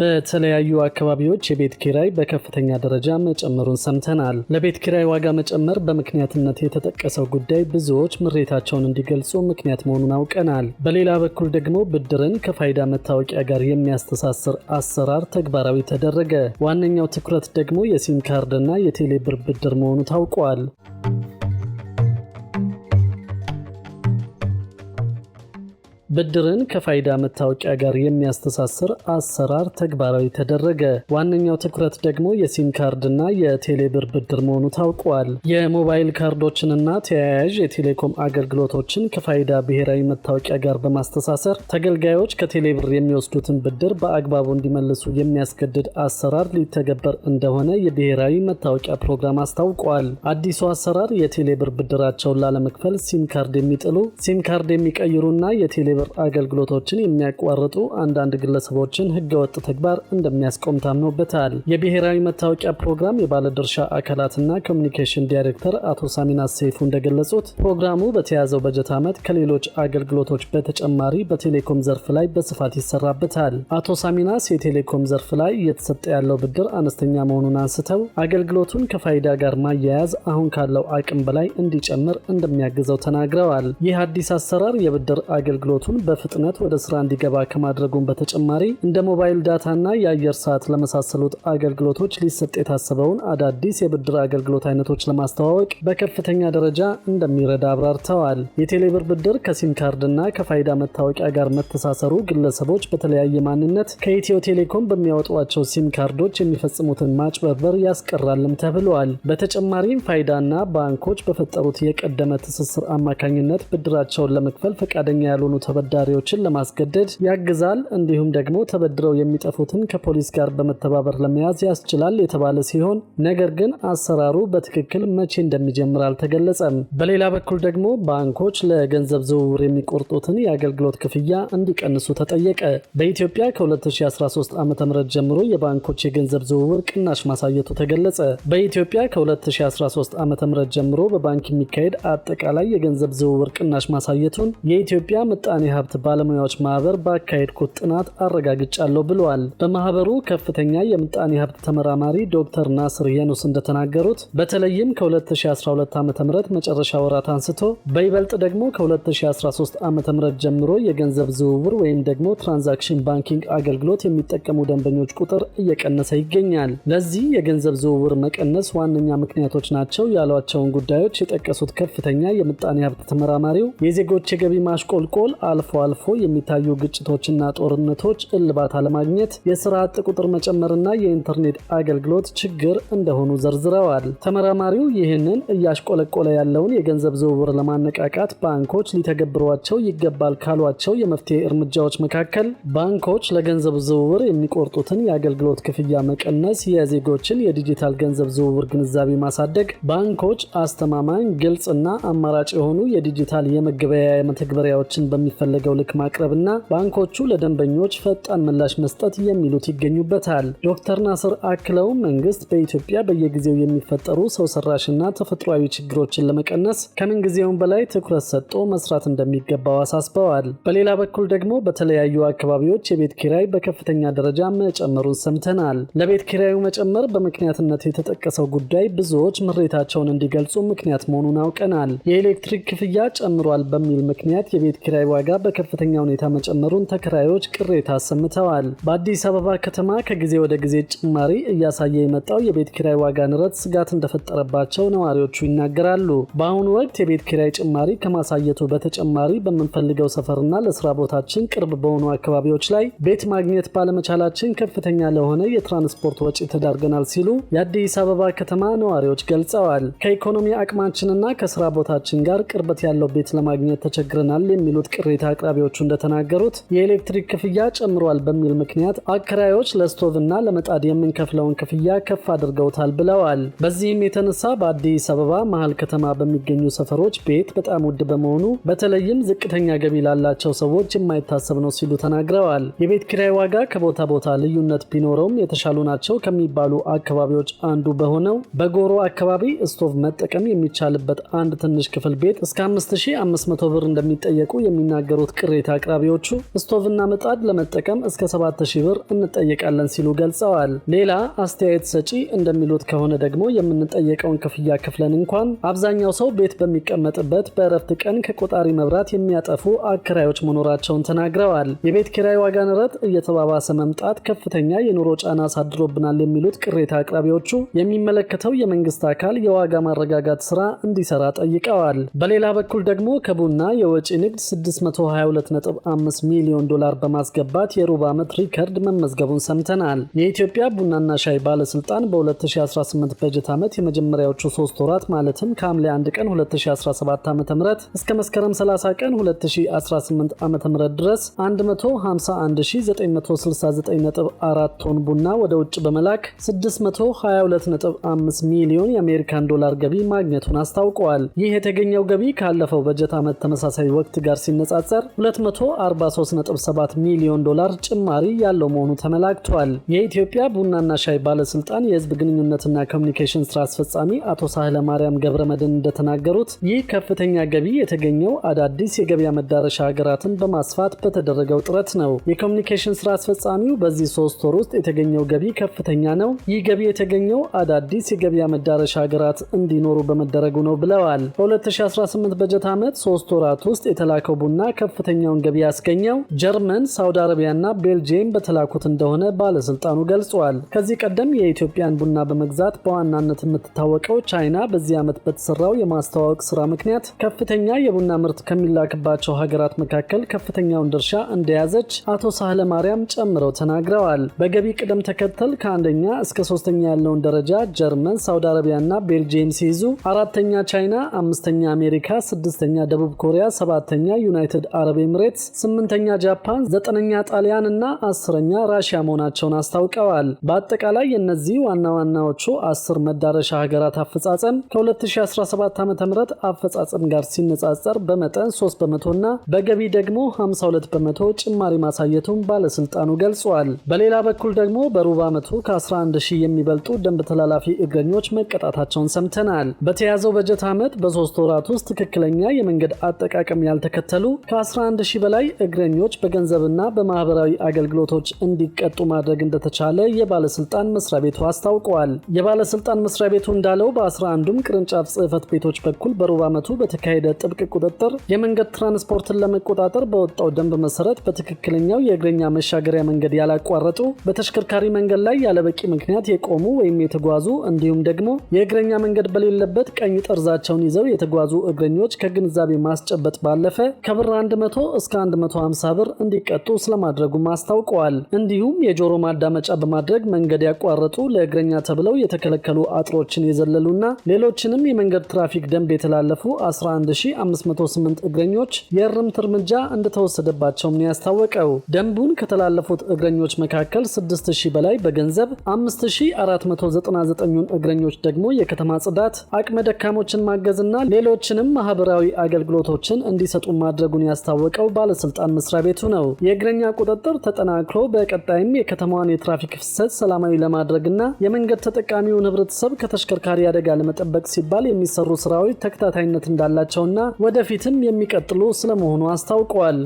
በተለያዩ አካባቢዎች የቤት ኪራይ በከፍተኛ ደረጃ መጨመሩን ሰምተናል። ለቤት ኪራይ ዋጋ መጨመር በምክንያትነት የተጠቀሰው ጉዳይ ብዙዎች ምሬታቸውን እንዲገልጹ ምክንያት መሆኑን አውቀናል። በሌላ በኩል ደግሞ ብድርን ከፋይዳ መታወቂያ ጋር የሚያስተሳስር አሰራር ተግባራዊ ተደረገ። ዋነኛው ትኩረት ደግሞ የሲም ካርድና የቴሌ ብር ብድር መሆኑ ታውቋል። ብድርን ከፋይዳ መታወቂያ ጋር የሚያስተሳስር አሰራር ተግባራዊ ተደረገ። ዋነኛው ትኩረት ደግሞ የሲም ካርድና የቴሌብር ብድር መሆኑ ታውቋል። የሞባይል ካርዶችንና ተያያዥ የቴሌኮም አገልግሎቶችን ከፋይዳ ብሔራዊ መታወቂያ ጋር በማስተሳሰር ተገልጋዮች ከቴሌብር የሚወስዱትን ብድር በአግባቡ እንዲመልሱ የሚያስገድድ አሰራር ሊተገበር እንደሆነ የብሔራዊ መታወቂያ ፕሮግራም አስታውቋል። አዲሱ አሰራር የቴሌብር ብድራቸውን ላለመክፈል ሲም ካርድ የሚጥሉ ሲም ካርድ የሚቀይሩና የቴሌብር የትብብር አገልግሎቶችን የሚያቋርጡ አንዳንድ ግለሰቦችን ህገወጥ ተግባር እንደሚያስቆም ታምኖበታል። የብሔራዊ መታወቂያ ፕሮግራም የባለድርሻ አካላትና ኮሚኒኬሽን ዳይሬክተር አቶ ሳሚናስ ሰይፉ እንደገለጹት ፕሮግራሙ በተያዘው በጀት ዓመት ከሌሎች አገልግሎቶች በተጨማሪ በቴሌኮም ዘርፍ ላይ በስፋት ይሰራበታል። አቶ ሳሚናስ የቴሌኮም ዘርፍ ላይ እየተሰጠ ያለው ብድር አነስተኛ መሆኑን አንስተው አገልግሎቱን ከፋይዳ ጋር ማያያዝ አሁን ካለው አቅም በላይ እንዲጨምር እንደሚያግዘው ተናግረዋል። ይህ አዲስ አሰራር የብድር አገልግሎቱን ሰውን በፍጥነት ወደ ስራ እንዲገባ ከማድረጉም በተጨማሪ እንደ ሞባይል ዳታና የአየር ሰዓት ለመሳሰሉት አገልግሎቶች ሊሰጥ የታሰበውን አዳዲስ የብድር አገልግሎት አይነቶች ለማስተዋወቅ በከፍተኛ ደረጃ እንደሚረዳ አብራርተዋል። የቴሌብር ብድር ከሲም ካርድና ከፋይዳ መታወቂያ ጋር መተሳሰሩ ግለሰቦች በተለያየ ማንነት ከኢትዮ ቴሌኮም በሚያወጧቸው ሲም ካርዶች የሚፈጽሙትን ማጭበርበር ያስቀራልም ተብለዋል። በተጨማሪም ፋይዳና ባንኮች በፈጠሩት የቀደመ ትስስር አማካኝነት ብድራቸውን ለመክፈል ፈቃደኛ ያልሆኑ ተበ አበዳሪዎችን ለማስገደድ ያግዛል፣ እንዲሁም ደግሞ ተበድረው የሚጠፉትን ከፖሊስ ጋር በመተባበር ለመያዝ ያስችላል የተባለ ሲሆን ነገር ግን አሰራሩ በትክክል መቼ እንደሚጀምር አልተገለጸም። በሌላ በኩል ደግሞ ባንኮች ለገንዘብ ዝውውር የሚቆርጡትን የአገልግሎት ክፍያ እንዲቀንሱ ተጠየቀ። በኢትዮጵያ ከ2013 ዓ ም ጀምሮ የባንኮች የገንዘብ ዝውውር ቅናሽ ማሳየቱ ተገለጸ። በኢትዮጵያ ከ2013 ዓ ም ጀምሮ በባንክ የሚካሄድ አጠቃላይ የገንዘብ ዝውውር ቅናሽ ማሳየቱን የኢትዮጵያ ምጣኔ ሀብት ባለሙያዎች ማህበር ባካሄድኩት ጥናት አረጋግጫለሁ ብለዋል። በማህበሩ ከፍተኛ የምጣኔ ሀብት ተመራማሪ ዶክተር ናስር የኑስ እንደተናገሩት በተለይም ከ2012 ዓ ም መጨረሻ ወራት አንስቶ በይበልጥ ደግሞ ከ2013 ዓ ም ጀምሮ የገንዘብ ዝውውር ወይም ደግሞ ትራንዛክሽን ባንኪንግ አገልግሎት የሚጠቀሙ ደንበኞች ቁጥር እየቀነሰ ይገኛል። ለዚህ የገንዘብ ዝውውር መቀነስ ዋነኛ ምክንያቶች ናቸው ያሏቸውን ጉዳዮች የጠቀሱት ከፍተኛ የምጣኔ ሀብት ተመራማሪው የዜጎች የገቢ ማሽቆልቆል አልፎ አልፎ የሚታዩ ግጭቶችና ጦርነቶች እልባት አለማግኘት፣ የስራ አጥ ቁጥር መጨመርና የኢንተርኔት አገልግሎት ችግር እንደሆኑ ዘርዝረዋል። ተመራማሪው ይህንን እያሽቆለቆለ ያለውን የገንዘብ ዝውውር ለማነቃቃት ባንኮች ሊተገብሯቸው ይገባል ካሏቸው የመፍትሄ እርምጃዎች መካከል ባንኮች ለገንዘብ ዝውውር የሚቆርጡትን የአገልግሎት ክፍያ መቀነስ፣ የዜጎችን የዲጂታል ገንዘብ ዝውውር ግንዛቤ ማሳደግ፣ ባንኮች አስተማማኝ፣ ግልጽና አማራጭ የሆኑ የዲጂታል የመገበያያ መተግበሪያዎችን በሚፈ በሚፈለገው ልክ ማቅረብና ባንኮቹ ለደንበኞች ፈጣን ምላሽ መስጠት የሚሉት ይገኙበታል። ዶክተር ናስር አክለው መንግስት በኢትዮጵያ በየጊዜው የሚፈጠሩ ሰው ሰራሽና ተፈጥሯዊ ችግሮችን ለመቀነስ ከምንጊዜውም በላይ ትኩረት ሰጥቶ መስራት እንደሚገባው አሳስበዋል። በሌላ በኩል ደግሞ በተለያዩ አካባቢዎች የቤት ኪራይ በከፍተኛ ደረጃ መጨመሩን ሰምተናል። ለቤት ኪራዩ መጨመር በምክንያትነት የተጠቀሰው ጉዳይ ብዙዎች ምሬታቸውን እንዲገልጹ ምክንያት መሆኑን አውቀናል። የኤሌክትሪክ ክፍያ ጨምሯል በሚል ምክንያት የቤት ኪራይ ዋጋ በከፍተኛ ሁኔታ መጨመሩን ተከራዮች ቅሬታ አሰምተዋል። በአዲስ አበባ ከተማ ከጊዜ ወደ ጊዜ ጭማሪ እያሳየ የመጣው የቤት ኪራይ ዋጋ ንረት ስጋት እንደፈጠረባቸው ነዋሪዎቹ ይናገራሉ። በአሁኑ ወቅት የቤት ኪራይ ጭማሪ ከማሳየቱ በተጨማሪ በምንፈልገው ሰፈርና ለስራ ቦታችን ቅርብ በሆኑ አካባቢዎች ላይ ቤት ማግኘት ባለመቻላችን ከፍተኛ ለሆነ የትራንስፖርት ወጪ ተዳርገናል ሲሉ የአዲስ አበባ ከተማ ነዋሪዎች ገልጸዋል። ከኢኮኖሚ አቅማችንና ከስራ ቦታችን ጋር ቅርበት ያለው ቤት ለማግኘት ተቸግረናል የሚሉት ቅሬታ አቅራቢዎቹ እንደተናገሩት የኤሌክትሪክ ክፍያ ጨምሯል በሚል ምክንያት አከራዮች ለስቶቭና ለመጣድ የምንከፍለውን ክፍያ ከፍ አድርገውታል ብለዋል። በዚህም የተነሳ በአዲስ አበባ መሀል ከተማ በሚገኙ ሰፈሮች ቤት በጣም ውድ በመሆኑ በተለይም ዝቅተኛ ገቢ ላላቸው ሰዎች የማይታሰብ ነው ሲሉ ተናግረዋል። የቤት ኪራይ ዋጋ ከቦታ ቦታ ልዩነት ቢኖረውም የተሻሉ ናቸው ከሚባሉ አካባቢዎች አንዱ በሆነው በጎሮ አካባቢ ስቶቭ መጠቀም የሚቻልበት አንድ ትንሽ ክፍል ቤት እስከ 5500 ብር እንደሚጠየቁ የሚናገሩ የተናገሩት ቅሬታ አቅራቢዎቹ ስቶቭና ምጣድ ለመጠቀም እስከ 7000 ብር እንጠየቃለን ሲሉ ገልጸዋል። ሌላ አስተያየት ሰጪ እንደሚሉት ከሆነ ደግሞ የምንጠየቀውን ክፍያ ክፍለን እንኳን አብዛኛው ሰው ቤት በሚቀመጥበት በእረፍት ቀን ከቆጣሪ መብራት የሚያጠፉ አከራዮች መኖራቸውን ተናግረዋል። የቤት ኪራይ ዋጋ ንረት እየተባባሰ መምጣት ከፍተኛ የኑሮ ጫና አሳድሮብናል የሚሉት ቅሬታ አቅራቢዎቹ የሚመለከተው የመንግስት አካል የዋጋ ማረጋጋት ስራ እንዲሰራ ጠይቀዋል። በሌላ በኩል ደግሞ ከቡና የወጪ ንግድ 600 122.5 ሚሊዮን ዶላር በማስገባት የሩብ ዓመት ሪከርድ መመዝገቡን ሰምተናል። የኢትዮጵያ ቡናና ሻይ ባለስልጣን በ2018 በጀት ዓመት የመጀመሪያዎቹ ሶስት ወራት ማለትም ከሐምሌ 1 ቀን 2017 ዓ ም እስከ መስከረም 30 ቀን 2018 ዓ ም ድረስ 151969.4 ቶን ቡና ወደ ውጭ በመላክ 622.5 ሚሊዮን የአሜሪካን ዶላር ገቢ ማግኘቱን አስታውቀዋል። ይህ የተገኘው ገቢ ካለፈው በጀት ዓመት ተመሳሳይ ወቅት ጋር ሲነጻጸር ሚኒስቴር 243.7 ሚሊዮን ዶላር ጭማሪ ያለው መሆኑ ተመላክቷል። የኢትዮጵያ ቡናና ሻይ ባለስልጣን የህዝብ ግንኙነትና ኮሚኒኬሽን ስራ አስፈጻሚ አቶ ሳህለ ማርያም ገብረ መድን እንደተናገሩት ይህ ከፍተኛ ገቢ የተገኘው አዳዲስ የገበያ መዳረሻ ሀገራትን በማስፋት በተደረገው ጥረት ነው። የኮሚኒኬሽን ስራ አስፈጻሚው በዚህ ሶስት ወር ውስጥ የተገኘው ገቢ ከፍተኛ ነው። ይህ ገቢ የተገኘው አዳዲስ የገበያ መዳረሻ ሀገራት እንዲኖሩ በመደረጉ ነው ብለዋል። በ2018 በጀት ዓመት ሶስት ወራት ውስጥ የተላከው ቡና ከፍተኛውን ገቢ ያስገኘው ጀርመን፣ ሳውዲ አረቢያና ቤልጅየም በተላኩት እንደሆነ ባለስልጣኑ ገልጿል። ከዚህ ቀደም የኢትዮጵያን ቡና በመግዛት በዋናነት የምትታወቀው ቻይና በዚህ ዓመት በተሰራው የማስተዋወቅ ስራ ምክንያት ከፍተኛ የቡና ምርት ከሚላክባቸው ሀገራት መካከል ከፍተኛውን ድርሻ እንደያዘች አቶ ሳህለ ማርያም ጨምረው ተናግረዋል። በገቢ ቅደም ተከተል ከአንደኛ እስከ ሶስተኛ ያለውን ደረጃ ጀርመን፣ ሳውዲ አረቢያና ቤልጅየም ሲይዙ አራተኛ ቻይና፣ አምስተኛ አሜሪካ፣ ስድስተኛ ደቡብ ኮሪያ፣ ሰባተኛ ዩናይትድ አረብ ኤምሬትስ፣ ስምንተኛ ጃፓን፣ ዘጠነኛ ጣሊያን እና አስረኛ ራሽያ መሆናቸውን አስታውቀዋል። በአጠቃላይ የእነዚህ ዋና ዋናዎቹ አስር መዳረሻ ሀገራት አፈጻጸም ከ2017 ዓ ም አፈጻጸም ጋር ሲነጻጸር በመጠን 3 እና በገቢ ደግሞ 52 በመቶ ጭማሪ ማሳየቱን ባለስልጣኑ ገልጿል። በሌላ በኩል ደግሞ በሩብ ዓመቱ ከ11 ሺህ የሚበልጡ ደንብ ተላላፊ እግረኞች መቀጣታቸውን ሰምተናል። በተያዘው በጀት ዓመት በሶስት ወራት ውስጥ ትክክለኛ የመንገድ አጠቃቀም ያልተከተሉ ከ ከ11 ሺ በላይ እግረኞች በገንዘብና በማህበራዊ አገልግሎቶች እንዲቀጡ ማድረግ እንደተቻለ የባለስልጣን መስሪያ ቤቱ አስታውቀዋል። የባለስልጣን መስሪያ ቤቱ እንዳለው በ11ዱም ቅርንጫፍ ጽህፈት ቤቶች በኩል በሩብ ዓመቱ በተካሄደ ጥብቅ ቁጥጥር የመንገድ ትራንስፖርትን ለመቆጣጠር በወጣው ደንብ መሰረት በትክክለኛው የእግረኛ መሻገሪያ መንገድ ያላቋረጡ፣ በተሽከርካሪ መንገድ ላይ ያለበቂ ምክንያት የቆሙ ወይም የተጓዙ እንዲሁም ደግሞ የእግረኛ መንገድ በሌለበት ቀኝ ጠርዛቸውን ይዘው የተጓዙ እግረኞች ከግንዛቤ ማስጨበጥ ባለፈ ከብራ እስከ 150 ብር እንዲቀጡ ስለማድረጉም አስታውቀዋል። እንዲሁም የጆሮ ማዳመጫ በማድረግ መንገድ ያቋረጡ ለእግረኛ ተብለው የተከለከሉ አጥሮችን የዘለሉና ሌሎችንም የመንገድ ትራፊክ ደንብ የተላለፉ 11508 እግረኞች የእርምት እርምጃ እንደተወሰደባቸውም ነው ያስታወቀው። ደንቡን ከተላለፉት እግረኞች መካከል 6000 በላይ በገንዘብ 5499ን እግረኞች ደግሞ የከተማ ጽዳት፣ አቅመ ደካሞችን ማገዝና ሌሎችንም ማህበራዊ አገልግሎቶችን እንዲሰጡ ማድረጉን ያስታወቀው ባለስልጣን መስሪያ ቤቱ ነው። የእግረኛ ቁጥጥር ተጠናክሮ በቀጣይም የከተማዋን የትራፊክ ፍሰት ሰላማዊ ለማድረግና የመንገድ ተጠቃሚውን ህብረተሰብ ከተሽከርካሪ አደጋ ለመጠበቅ ሲባል የሚሰሩ ስራዎች ተከታታይነት እንዳላቸውና ወደፊትም የሚቀጥሉ ስለመሆኑ አስታውቀዋል።